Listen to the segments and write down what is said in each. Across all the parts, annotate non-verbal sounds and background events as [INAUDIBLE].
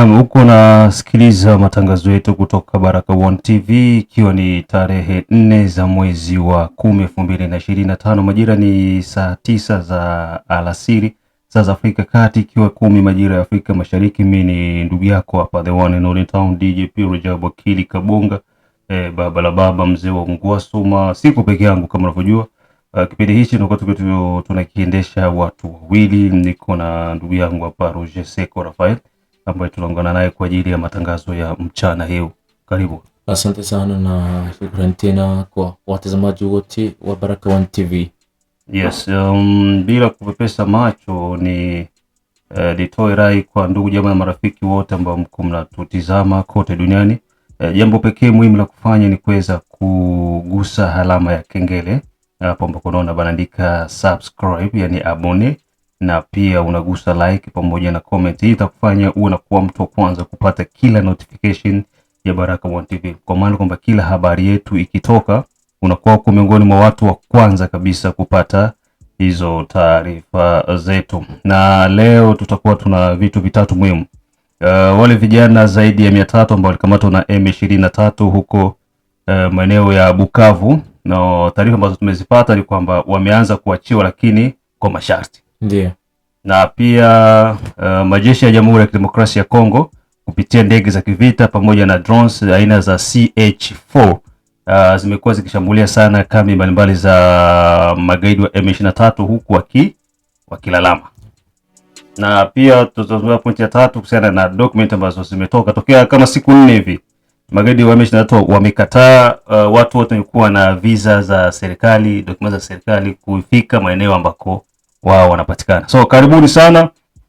Naam, huko nasikiliza matangazo yetu kutoka Baraka One TV ikiwa ni tarehe nne za mwezi wa kumi elfu mbili na ishirini na tano majira ni saa tisa za alasiri saa za Afrika Kati, ikiwa kumi majira ya Afrika Mashariki. Mimi ni ndugu yako hapa the one in only town DJ Rajab Wakili Kabonga, e, baba la baba mzee wa Ngwasuma. Sipo peke yangu kama unavyojua. Uh, kipindi hichi tunakiendesha watu wawili, niko na ndugu yangu hapa Roger Seko Rafael ambaye tunaungana naye kwa ajili ya matangazo ya mchana hiyo. Karibu. Asante sana na shukrani tena kwa watazamaji wote wa Baraka One TV. Yes, um, bila kupepesa macho ni eh, nitoe rai kwa ndugu jamaa na marafiki wote ambao mko mnatutizama kote duniani. Eh, jambo pekee muhimu la kufanya ni kuweza kugusa alama ya kengele hapo ambapo unaona banaandika subscribe, yani abone na pia unagusa like pamoja na comment. Hii itakufanya uwe na kuwa mtu wa kwanza kupata kila notification ya baraka One TV, kwa maana kwamba kila habari yetu ikitoka unakuwa uko miongoni mwa watu wa kwanza kabisa kupata hizo taarifa zetu. Na leo tutakuwa tuna vitu vitatu muhimu. Uh, wale vijana zaidi ya mia tatu ambao walikamatwa na M23 huko uh, maeneo ya Bukavu, na no, taarifa ambazo tumezipata ni kwamba wameanza kuachiwa, lakini kwa masharti. Ndiyo. Na pia uh, majeshi ya Jamhuri ya Kidemokrasia ya Kongo kupitia ndege za kivita pamoja na drones aina za CH4 uh, eh, zimekuwa zikishambulia sana kambi mbalimbali za magaidi wa M23 huku waki wakilalama. Na pia tutazungumza pointi ya tatu kuhusiana na document ambazo zimetoka tokea kama siku nne hivi. Magaidi wa M23 wamekataa uh, watu wote walikuwa na visa za serikali, dokumenti za serikali kufika maeneo ambako wao wanapatikana. So karibuni sana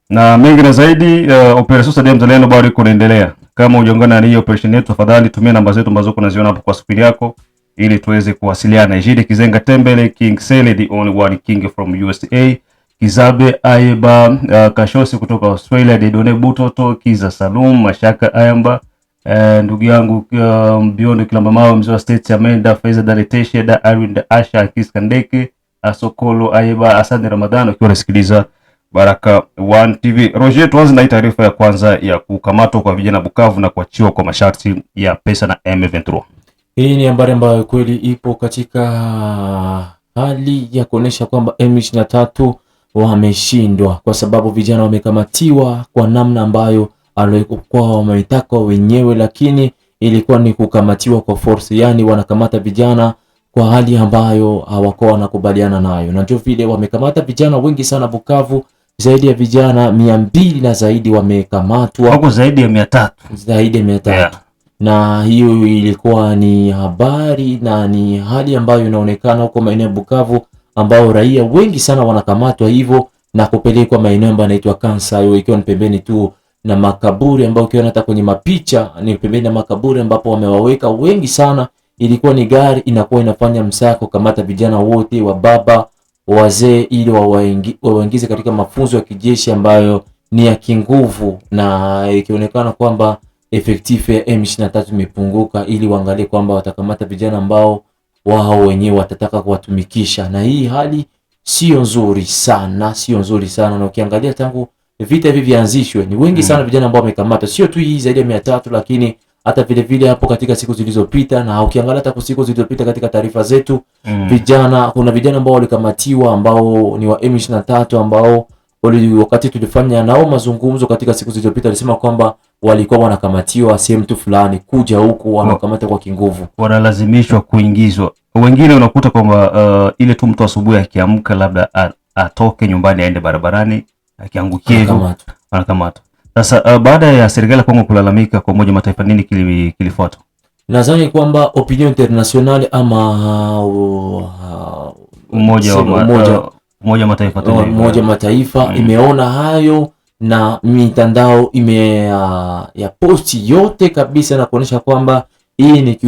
na mengi na zaidi. Uh, eh, operesheni Saidia Mzalendo bado iko inaendelea. Kama hujaungana na hii operation yetu, tafadhali tumia namba zetu ambazo unaziona hapo kwa screen yako ili tuweze kuwasiliana. Ejide Kizenga Tembele, King Sele, the only one king from USA, Kizabe Aiba, uh, eh, Kashosi kutoka Australia, Dedone Butoto, Kiza Salum, Mashaka Ayamba, uh, ndugu yangu uh, Biondo Kilamba Mawe, mzee wa state ya Menda, Faiza, Daleteshe, Da Arwin, Da Asha, Kiskandeke sokolo Aiba. Asante Ramadhan ukiwa unasikiliza Baraka One TV. Roger, tuanze na taarifa ya kwanza ya kukamatwa kwa vijana Bukavu na kuachiwa kwa masharti ya pesa na M23. Hii ni habari ambayo kweli ipo katika hali ya kuonesha kwamba M23 wameshindwa kwa sababu vijana wamekamatiwa kwa namna ambayo alikuwa wametaka wenyewe, lakini ilikuwa ni kukamatiwa kwa force, yani wanakamata vijana kwa hali ambayo hawako wanakubaliana nayo, na ndio vile wamekamata vijana wengi sana Bukavu, zaidi ya vijana mia mbili na zaidi wamekamatwa huko, zaidi ya mia tatu zaidi ya mia tatu yeah. Na hiyo ilikuwa ni habari na ni hali ambayo inaonekana huko maeneo ya Bukavu, ambao raia wengi sana wanakamatwa hivyo na kupelekwa maeneo ambayo yanaitwa Kansayo, ikiwa ni pembeni tu na makaburi ambayo ukiona hata kwenye mapicha ni pembeni na makaburi ambapo wamewaweka wengi sana ilikuwa ni gari inakuwa inafanya msako kamata vijana wote wa baba wazee, ili wawaingize katika mafunzo ya kijeshi ambayo ni ya kinguvu, na ikionekana kwamba efektifu ya M23 imepunguka, ili waangalie kwamba watakamata vijana ambao wao wenyewe watataka kuwatumikisha, na hii hali sio nzuri sana, sio nzuri sana. Na ukiangalia tangu vita hivi vianzishwe, ni wengi mm. sana vijana ambao wamekamata, sio tu hii zaidi ya 300 lakini hata vile vile hapo katika siku zilizopita, na ukiangalia hata siku zilizopita katika taarifa zetu mm. vijana, kuna vijana ambao walikamatiwa ambao ni wa M23 ambao wali, wakati tulifanya nao mazungumzo katika siku zilizopita, alisema kwamba walikuwa wanakamatiwa sehemu tu fulani, kuja huku wanakamata kwa kinguvu, wanalazimishwa kuingizwa. Wengine unakuta kwamba uh, ile tu mtu asubuhi akiamka labda atoke nyumbani aende barabarani akiangukia, hivyo anakamatwa sasa uh, baada ya serikali ya Kongo kulalamika kwa Umoja Mataifa, nini kilifuata? Nadhani kwamba opinion international ama uh, uh, Umoja wa umoja, uh, Umoja Mataifa, uh, Umoja Mataifa mm. imeona hayo na mitandao ime uh, ya posti yote kabisa na kuonyesha kwamba hii ni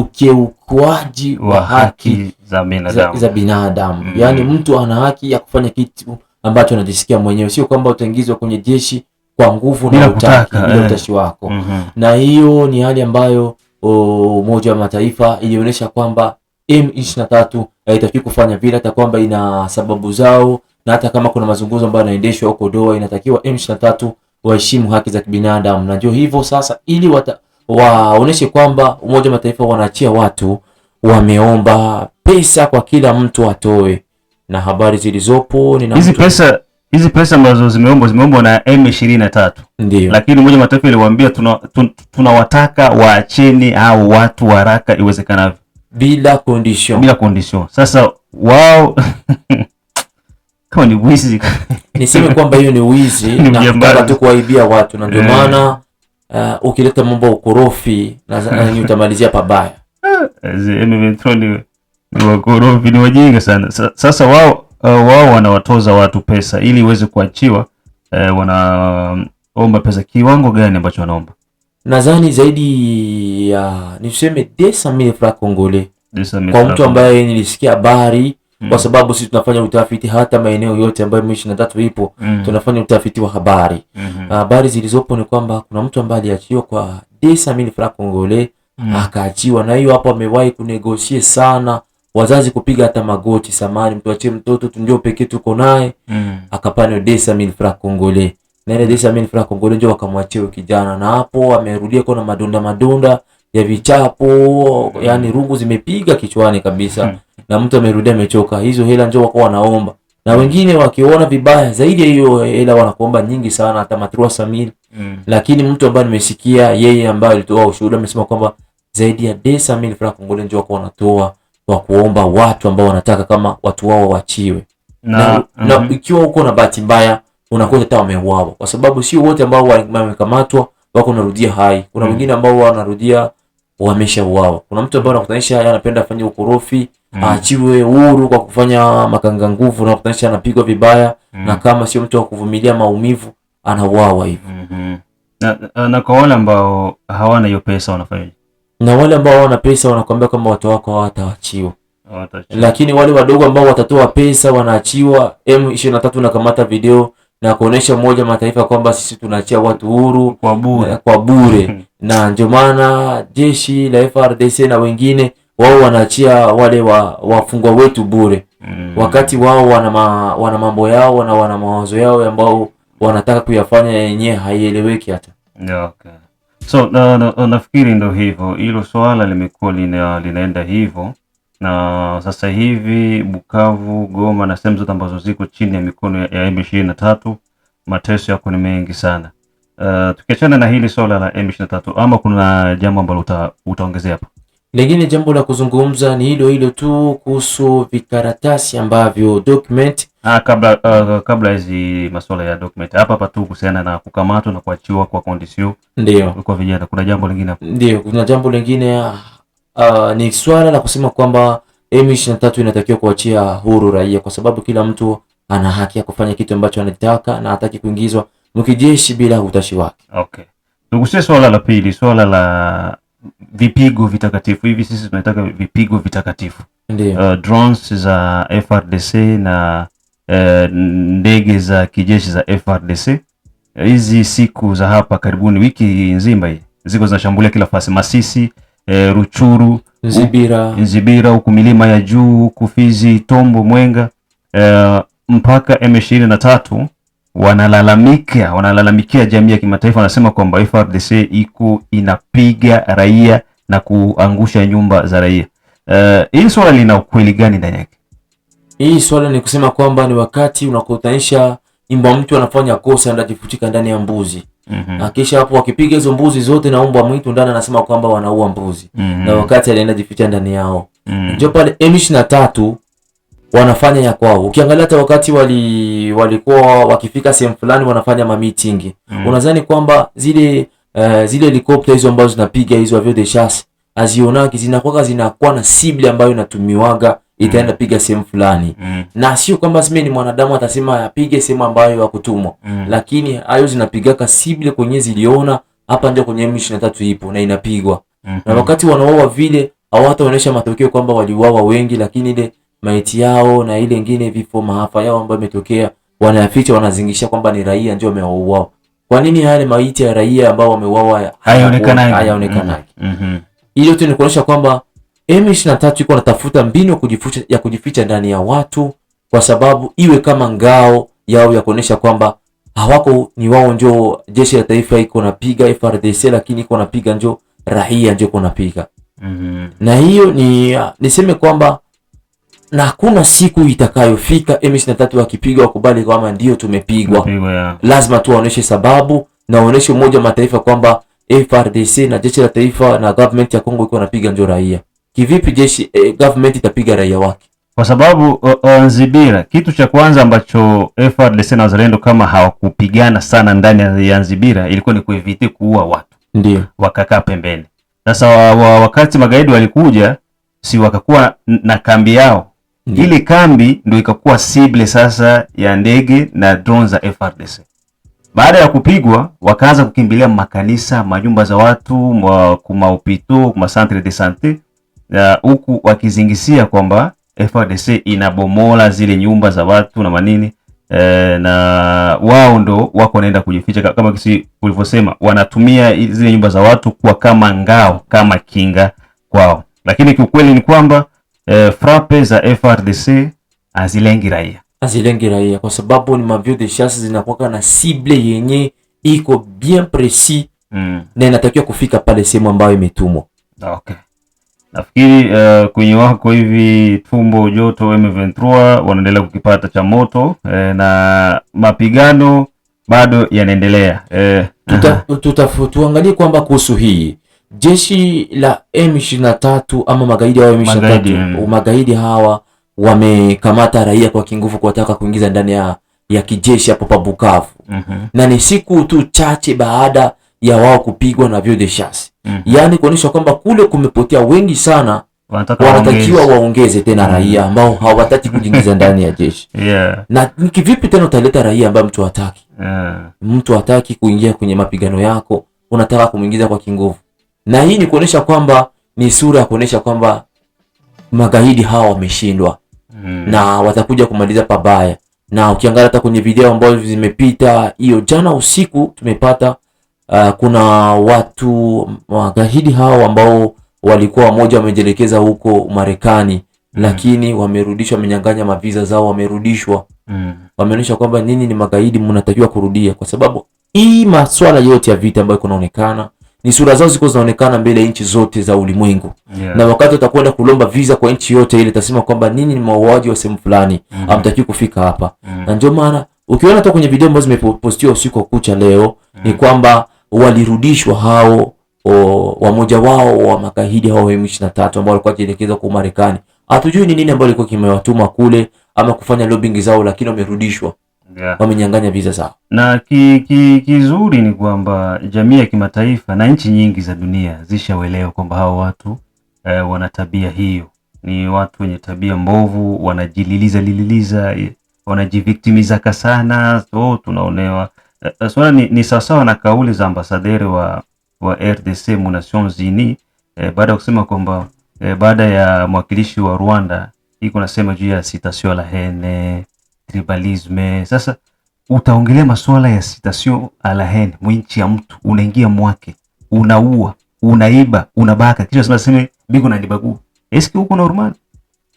ukiukwaji wa haki za binadamu, za, za binadamu. Mm. Yaani mtu ana haki ya kufanya kitu ambacho anajisikia mwenyewe, sio kwamba utaingizwa kwenye jeshi kwa nguvu na utaki bila eh. utashi wako mm -hmm. na hiyo ni hali ambayo Umoja wa Mataifa ilionyesha kwamba M23 eh, haitakiwi kufanya vile, hata kwamba ina sababu zao, na hata kama kuna mazungumzo ambayo yanaendeshwa huko Doha, inatakiwa M23 waheshimu haki za kibinadamu. Na ndio hivyo sasa, ili waoneshe kwamba Umoja wa Mataifa wanaachia watu, wameomba pesa kwa kila mtu atoe, na habari zilizopo ni hizi pesa hizi pesa ambazo zimeombwa zimeombwa na M23. Ndiyo. Lakini Umoja wa Mataifa iliwaambia tunawataka tuna waacheni au watu haraka iwezekanavyo bila condition. Bila condition. Sasa wao [LAUGHS] kama ni wizi [LAUGHS] niseme kwamba hiyo ni wizi [LAUGHS] na kutaka tu kuwaibia watu na ndio eh. maana uh, ukileta mambo ya ukorofi na utamalizia pabaya. M23 ni wakorofi, ni wajinga sana. Sasa wao uh, wao wanawatoza watu pesa ili iweze kuachiwa. uh, wanaomba pesa kiwango gani ambacho wanaomba? Nadhani zaidi ya niseme desa mille francs congolais kwa mtu ambaye nilisikia habari hmm. kwa mm. sababu sisi tunafanya utafiti hata maeneo yote ambayo na tatu ipo mm. Tunafanya utafiti wa habari mm habari mm -hmm. Zilizopo ni kwamba kuna mtu ambaye aliachiwa kwa desa mille francs congolais mm. Akaachiwa na hiyo hapo, amewahi kunegosie sana mm wazazi kupiga hata magoti, samani, mtuachie mtoto tu, ndio pekee tuko naye mm. akapana desa mil fra kongole nene desa mil fra kongole ndio wakamwachia kijana, na hapo amerudia kwa na madonda madonda ya vichapo yaani mm. yani rungu zimepiga kichwani kabisa mm. na mtu amerudia amechoka. Hizo hela ndio wako wanaomba, na wengine wakiona vibaya zaidi hiyo hela wanakuomba nyingi sana, hata matrua samil mm. lakini mtu ambaye nimesikia yeye ambaye alitoa ushuhuda amesema kwamba zaidi ya desa mil fra kongole ndio wako wanatoa wa kuomba watu ambao wanataka kama watu wao waachiwe na, na, mm -hmm. na ikiwa huko na bahati mbaya unakuta hata wameuawa, kwa sababu sio wote ambao wamekamatwa wako narudia hai. Kuna mhm. wengine mm. ambao wanarudia wameshauawa. Kuna mtu ambaye anakutanisha yeye anapenda afanye ukorofi mm. -hmm. aachiwe huru kwa kufanya makanga nguvu, na kutanisha anapigwa vibaya mm. -hmm. na kama sio mtu wa kuvumilia maumivu anauawa hivyo mm -hmm. na, na kwa wale ambao hawana hiyo pesa wanafanya na wale ambao wana pesa wanakuambia kwamba watu wako hawataachiwa, lakini wale wadogo ambao watatoa pesa wanaachiwa. M23 nakamata video na kuonesha Umoja Mataifa kwamba sisi tunaachia watu huru kwa bure, na, kwa bure. [LAUGHS] na ndio maana jeshi la FRDC na wengine wao wanaachia wale wa, wafungwa wetu bure mm. wakati wao wana, ma, wana mambo yao na wana mawazo yao ambao wanataka kuyafanya yenyewe haieleweki hata yeah, okay. So na, na, nafikiri ndo hivyo, hilo swala limekuwa lina, linaenda hivyo, na sasa hivi Bukavu, Goma na sehemu zote ambazo ziko chini ya mikono ya M23 mateso yako ni mengi sana. Uh, tukiachana na hili swala la M23, ama kuna jambo ambalo utaongezea hapa? Lingine jambo la kuzungumza ni hilo hilo tu kuhusu vikaratasi ambavyo document ah, kabla uh, kabla hizi masuala ya document hapa hapa tu kuhusiana na kukamatwa na kuachiwa kwa kondisio ndio kwa vijana. Kuna jambo lingine hapo, ndio kuna jambo lingine uh, ni swala la kusema kwamba M23 inatakiwa kuachia huru raia, kwa sababu kila mtu ana haki ya kufanya kitu ambacho anataka na hataki kuingizwa mkijeshi bila utashi wake. Okay, tugusie swala la pili, swala la vipigo vitakatifu. Hivi sisi tunataka vipigo vitakatifu. Uh, drones za FRDC na uh, ndege za kijeshi za FRDC hizi siku za hapa karibuni, wiki nzima hii ziko zinashambulia kila fasi, Masisi eh, Ruchuru, Nzibira, Nzibira huku milima ya juu huku Fizi, Tombo, Mwenga eh, mpaka M23 wanalalamika wanalalamikia jamii ya kimataifa, wanasema kwamba FARDC iko inapiga raia na kuangusha nyumba za raia. Eh, hii uh, swala lina ukweli gani ndani yake? Hii swala ni kusema kwamba ni wakati unakutanisha mbwa mtu anafanya kosa anajifutika ndani ya mbuzi mm -hmm. kisha hapo wakipiga hizo mbuzi zote na mbwa mwitu ndani anasema kwamba wanaua mbuzi mm -hmm. na wakati alienda jificha ndani yao mm -hmm. ndio pale M23 wanafanya ya kwao. Ukiangalia hata wakati wali walikuwa wakifika sehemu fulani wanafanya ma meeting. Mm. Unadhani kwamba zile uh, zile helicopter hizo ambazo zinapiga hizo avio de chasse azionaki zinakuwa zinakuwa na sibli ambayo inatumiwaga itaenda mm. piga sehemu fulani mm. na sio kwamba sime ni mwanadamu atasema apige sehemu ambayo yakutumwa mm. lakini hayo zinapigaka sibli kwenye ziliona hapa ndio kwenye M23 ipo na inapigwa mm -hmm. na wakati wanaoa vile hawataonyesha matokeo kwamba waliuawa wengi, lakini ile maiti yao na ile ingine vifo maafa yao ambayo imetokea, wanayaficha wanazingisha kwamba ni raia ndio wameuawa. Kwa nini yale maiti ya raia ambao wameuawa hayaonekani? Hayaonekani. Mhm. Mm-hmm. Mm-hmm. Hiyo tu ni kuonyesha kwamba M23 iko natafuta mbinu kujificha, ya kujificha ndani ya watu kwa sababu iwe kama ngao yao ya kuonesha kwamba hawako ni wao ndio jeshi la taifa iko napiga FRDC, lakini iko napiga ndio raia ndio iko napiga. Mm -hmm. Na hiyo ni niseme kwamba na hakuna siku itakayofika M23 wakipigwa wakubali kwamba ndio tumepigwa. Yeah. Lazima tu waoneshe sababu na waoneshe Umoja wa Mataifa kwamba FRDC na jeshi la taifa na government ya Kongo iko napiga njo raia. Kivipi jeshi eh, government itapiga raia wake? Kwa sababu Nzibira, kitu cha kwanza ambacho FRDC na wazalendo kama hawakupigana sana ndani ya Nzibira ilikuwa ni kuevite kuua watu, ndio wakakaa pembeni. Sasa wa, wa, wakati magaidi walikuja, si wakakuwa na kambi yao mm. Ile kambi ndio ikakuwa sible sasa ya ndege na drone za frdc Baada ya kupigwa, wakaanza kukimbilia makanisa, manyumba za watu, kumaopito, kuma centre de sante, huku wakizingisia kwamba FRDC inabomola zile nyumba za watu na manini e, na wao ndo wako wanaenda kujificha, kama kisi ulivyosema, wanatumia zile nyumba za watu kuwa kama ngao, kama kinga kwao, lakini kiukweli ni kwamba eh, frappe za FRDC azilengi raia, azilengi raia kwa sababu ni mavio de chasse zinakuwa na cible yenye iko bien precis mm. na inatakiwa kufika pale sehemu ambayo imetumwa. Okay. Nafikiri uh, kwenye wako hivi tumbo joto M23 wanaendelea kukipata cha moto eh, na mapigano bado yanaendelea eh. Tuta, [LAUGHS] tuta, tuangalie kwamba kuhusu hii Jeshi la M23 ama magaidi wa M23, magaidi, hmm. magaidi hawa wamekamata raia kwa kinguvu kuwataka kuingiza ndani ya, ya kijeshi hapo pa Bukavu mm -hmm. na ni siku tu chache baada ya wao kupigwa na vyo de chasse mm -hmm. yaani kuonyesha kwamba kule kumepotea wengi sana, wanatakiwa waongeze tena mhm. raia ambao hawataki kujiingiza ndani ya jeshi [LAUGHS] yeah. na ni kivipi tena utaleta raia ambao mtu hataki yeah. mtu hataki kuingia kwenye mapigano yako, unataka kumwingiza kwa kinguvu na hii ni kuonesha kwamba ni sura ya kuonesha kwamba magaidi hawa wameshindwa mm. na watakuja kumaliza pabaya, na ukiangalia hata kwenye video ambazo zimepita, hiyo jana usiku tumepata uh, kuna watu magaidi hao ambao walikuwa wamoja wamejielekeza huko Marekani mm. lakini wamerudishwa, wamenyang'anya maviza zao, wamerudishwa mm. wameonyesha kwamba nini, ni magaidi, mnatakiwa kurudia, kwa sababu hii maswala yote ya vita ambayo kunaonekana ni sura zao ziko zinaonekana mbele ya nchi zote za ulimwengu yeah. Na wakati utakwenda kulomba visa kwa nchi yote ile, tasema kwamba ninyi ni mauaji wa sehemu fulani mm mm-hmm. -hmm. Amtakiwi kufika hapa mm -hmm. Na ndio maana ukiona hata kwenye video ambazo zimepostiwa usiku wa kucha leo mm -hmm. Ni mm-hmm. kwamba walirudishwa hao o, wamoja wao wa makahidi hao M23 ambao walikuwa wakielekeza kwa Marekani. Hatujui ni nini ambao ilikuwa kimewatuma kule ama kufanya lobbying zao, lakini wamerudishwa yeah. wamenyang'anya visa zao, na kizuri ki, kizuri ni kwamba jamii ya kimataifa na nchi nyingi za dunia zishawelewa kwamba hao watu eh, wana tabia hiyo, ni watu wenye tabia mbovu, wanajililiza lililiza, eh, wanajiviktimizaka sana, so tunaonewa eh, swala ni, ni sawasawa na kauli za ambasaderi wa, wa RDC mu Nations Unies eh, baada ya kusema kwamba eh, baada ya mwakilishi wa Rwanda iko nasema juu ya citation la hene tribalisme. Sasa utaongelea masuala ya sitasio a la mwinchi ya mtu unaingia mwake, unaua, unaiba, unabaka, kisha sema sema biko na nibagua, eski huko normal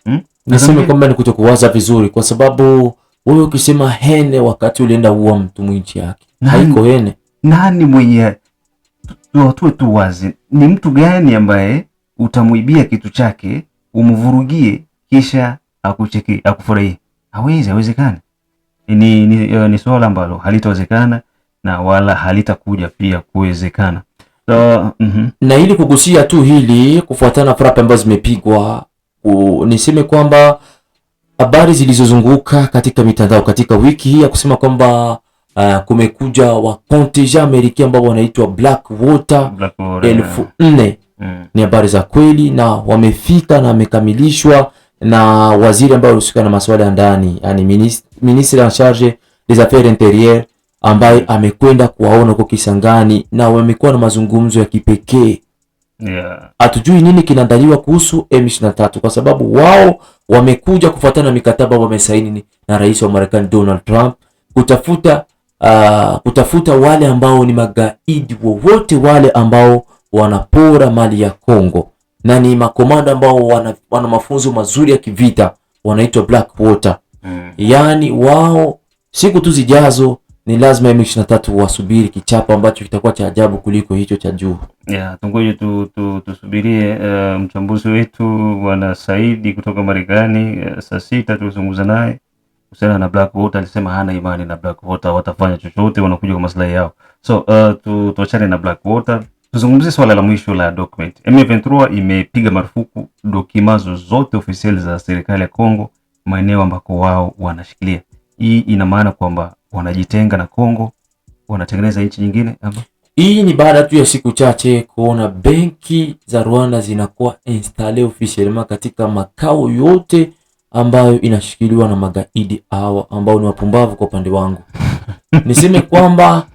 hmm? Nasema kwamba ni kutokuwaza vizuri, kwa sababu wewe ukisema hene wakati ulienda uwa mtu mwinchi yake haiko hene. Nani mwenye tuwe tu wazi, ni mtu gani ambaye utamwibia kitu chake umvurugie kisha akucheki akufurahie? hawezi, hawezekani. Ni, ni, eh, ni swala ambalo halitawezekana na wala halitakuja pia kuwezekana. So, mm -hmm. Na ili kugusia tu hili kufuatana na ambazo zimepigwa, niseme kwamba habari zilizozunguka katika mitandao katika wiki hii ya kusema kwamba uh, kumekuja wa konteja Amerika ambao wanaitwa Blackwater elfu nne mm. ni habari za kweli na wamefika na wamekamilishwa na waziri ambaye alihusika na masuala ya ndani, yani ministre en charge des affaires interieures ambaye amekwenda kuwaona huko Kisangani na wamekuwa na mazungumzo ya kipekee hatujui yeah, nini kinaandaliwa kuhusu M23 kwa sababu wao wamekuja kufuatana na mikataba wamesaini na rais wa Marekani Donald Trump kutafuta uh, kutafuta wale ambao ni magaidi wowote wale ambao wanapora mali ya Kongo na ni makomando ambao wana, wana mafunzo mazuri ya kivita wanaitwa Blackwater. Mm. Yaani wao siku tu zijazo ni lazima M23 wasubiri kichapo ambacho kitakuwa cha ajabu kuliko hicho cha juu. Yeah, tungoje tu, tu, tusubirie uh, mchambuzi wetu Bwana Saidi kutoka Marekani uh, saa sita tulizungumza naye kuhusiana na Blackwater, alisema hana imani na Blackwater watafanya chochote, wanakuja kwa maslahi yao. So uh, tuachane na Blackwater Tuzungumzie swala la mwisho la document. M23 imepiga marufuku dokima zozote ofisiali za serikali ya Kongo maeneo ambako wao wanashikilia. Hii ina maana kwamba wanajitenga na Kongo, wanatengeneza nchi nyingine ama? Hii ni baada tu ya siku chache kuona benki za Rwanda zinakuwa installe officiellement katika makao yote ambayo inashikiliwa na magaidi hawa ambao ni wapumbavu. Kwa upande wangu [LAUGHS] niseme kwamba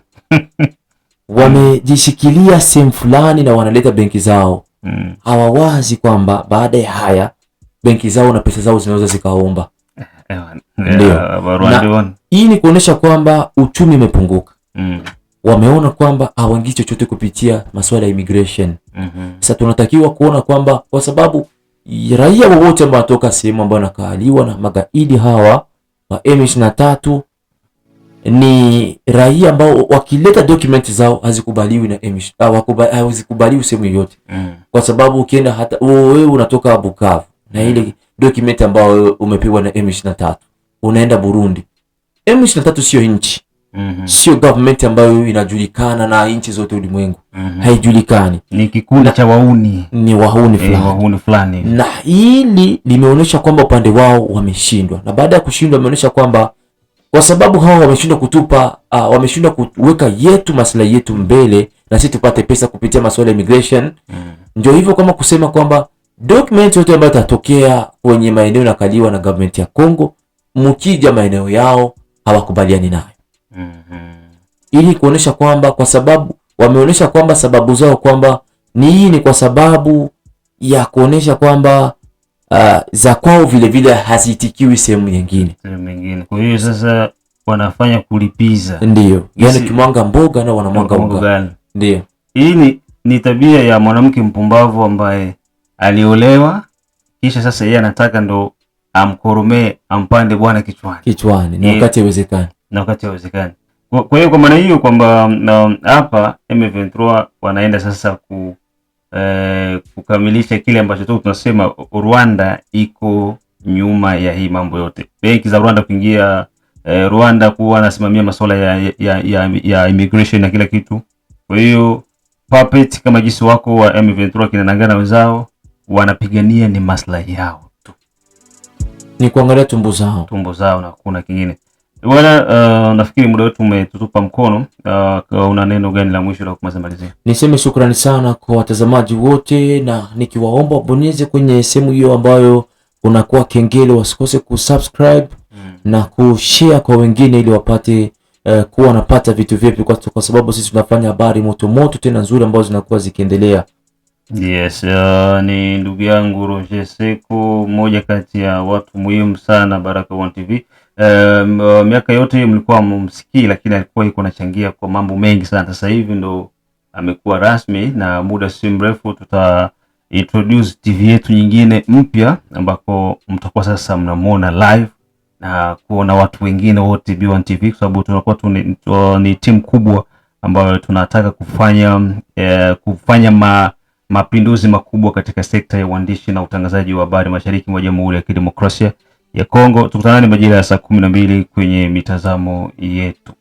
wamejishikilia sehemu fulani na wanaleta benki zao mm. hawawazi kwamba baada ya haya benki zao na pesa zao zinaweza zikaomba. [LAUGHS] hii ni kuonyesha kwamba uchumi umepunguka mm. wameona kwamba hawaingii chochote kupitia masuala ya immigration mm -hmm. Sasa tunatakiwa kuona kwamba kwa sababu raia wowote ambao wanatoka sehemu ambayo anakaaliwa na magaidi hawa wa m tatu ni raia ambao wakileta document zao hazikubaliwi na emish ah, ah, hazikubaliwi sehemu yoyote mm. Kwa sababu ukienda hata wewe unatoka Bukavu na ile mm. document ambayo umepewa na M23 unaenda Burundi, M23 sio nchi mm -hmm. Sio government ambayo inajulikana na nchi zote ulimwengu mm -hmm. Haijulikani, ni kikundi cha wauni, ni wahuni eh, fulani, wahuni fulani, na hili limeonyesha kwamba upande wao wameshindwa, na baada ya kushindwa wameonyesha kwamba kwa sababu hao wameshindwa kutupa uh, wameshindwa kuweka yetu maslahi yetu mbele na sisi tupate pesa kupitia masuala ya immigration mm. Ndio hivyo kama kusema kwamba document yote ambayo itatokea kwenye maeneo nakaliwa na government ya Congo, mkija maeneo yao hawakubaliani nayo mm -hmm. Ili kuonesha kwamba kwa sababu wameonesha kwamba sababu zao kwamba ni hii ni kwa sababu ya kuonesha kwamba uh, za kwao vile vile hazitikiwi sehemu nyingine Kwa hiyo sasa wanafanya kulipiza, ndio yani kimwanga mboga na wanamwanga mboga. Ndio hii ni, ni tabia ya mwanamke mpumbavu ambaye aliolewa kisha sasa yeye anataka ndo amkoromee ampande bwana kichwani kichwani, na wakati haiwezekani, na wakati haiwezekani. Kwa hiyo kwa maana hiyo kwamba um, um, hapa M23 wanaenda sasa ku eh, kukamilisha kile ambacho tu tunasema Rwanda iko nyuma ya hii mambo yote, benki za Rwanda kuingia eh, Rwanda kuwa anasimamia masuala ya, ya, ya, ya immigration na kila kitu. Kwa hiyo puppet kama jinsi wako wa M kina Nangana wenzao wanapigania ni maslahi yao tu, ni kuangalia tumbo zao, tumbo zao na kuna kingine Bwana uh, nafikiri muda wetu umetutupa mkono. Uh, una neno gani la mwisho la kumalizia? Niseme shukrani sana kwa watazamaji wote, na nikiwaomba wabonyeze kwenye sehemu hiyo ambayo unakuwa kengele, wasikose kusubscribe hmm, na kushare kwa wengine ili wapate uh, kuwa wanapata vitu vyepi, kwa sababu sisi tunafanya habari moto moto tena nzuri ambazo zinakuwa zikiendelea. Yes, uh, ni ndugu yangu Roger Seko, mmoja kati ya watu muhimu sana Baraka1 TV. Um, uh, miaka yote mlikuwa mumsikii, lakini alikuwa yuko anachangia kwa mambo mengi sana. Sasa hivi ndo amekuwa rasmi, na muda si mrefu tuta introduce TV yetu nyingine mpya, ambako mtakuwa sasa mnamuona live na kuona watu wengine wote B1 TV, kwa sababu tunakuwa tu, ni timu kubwa ambayo tunataka kufanya eh, kufanya ma, mapinduzi makubwa katika sekta ya uandishi na utangazaji wa habari mashariki mwa Jamhuri ya Kidemokrasia ya Kongo. Tukutane majira ya saa kumi na mbili kwenye mitazamo yetu.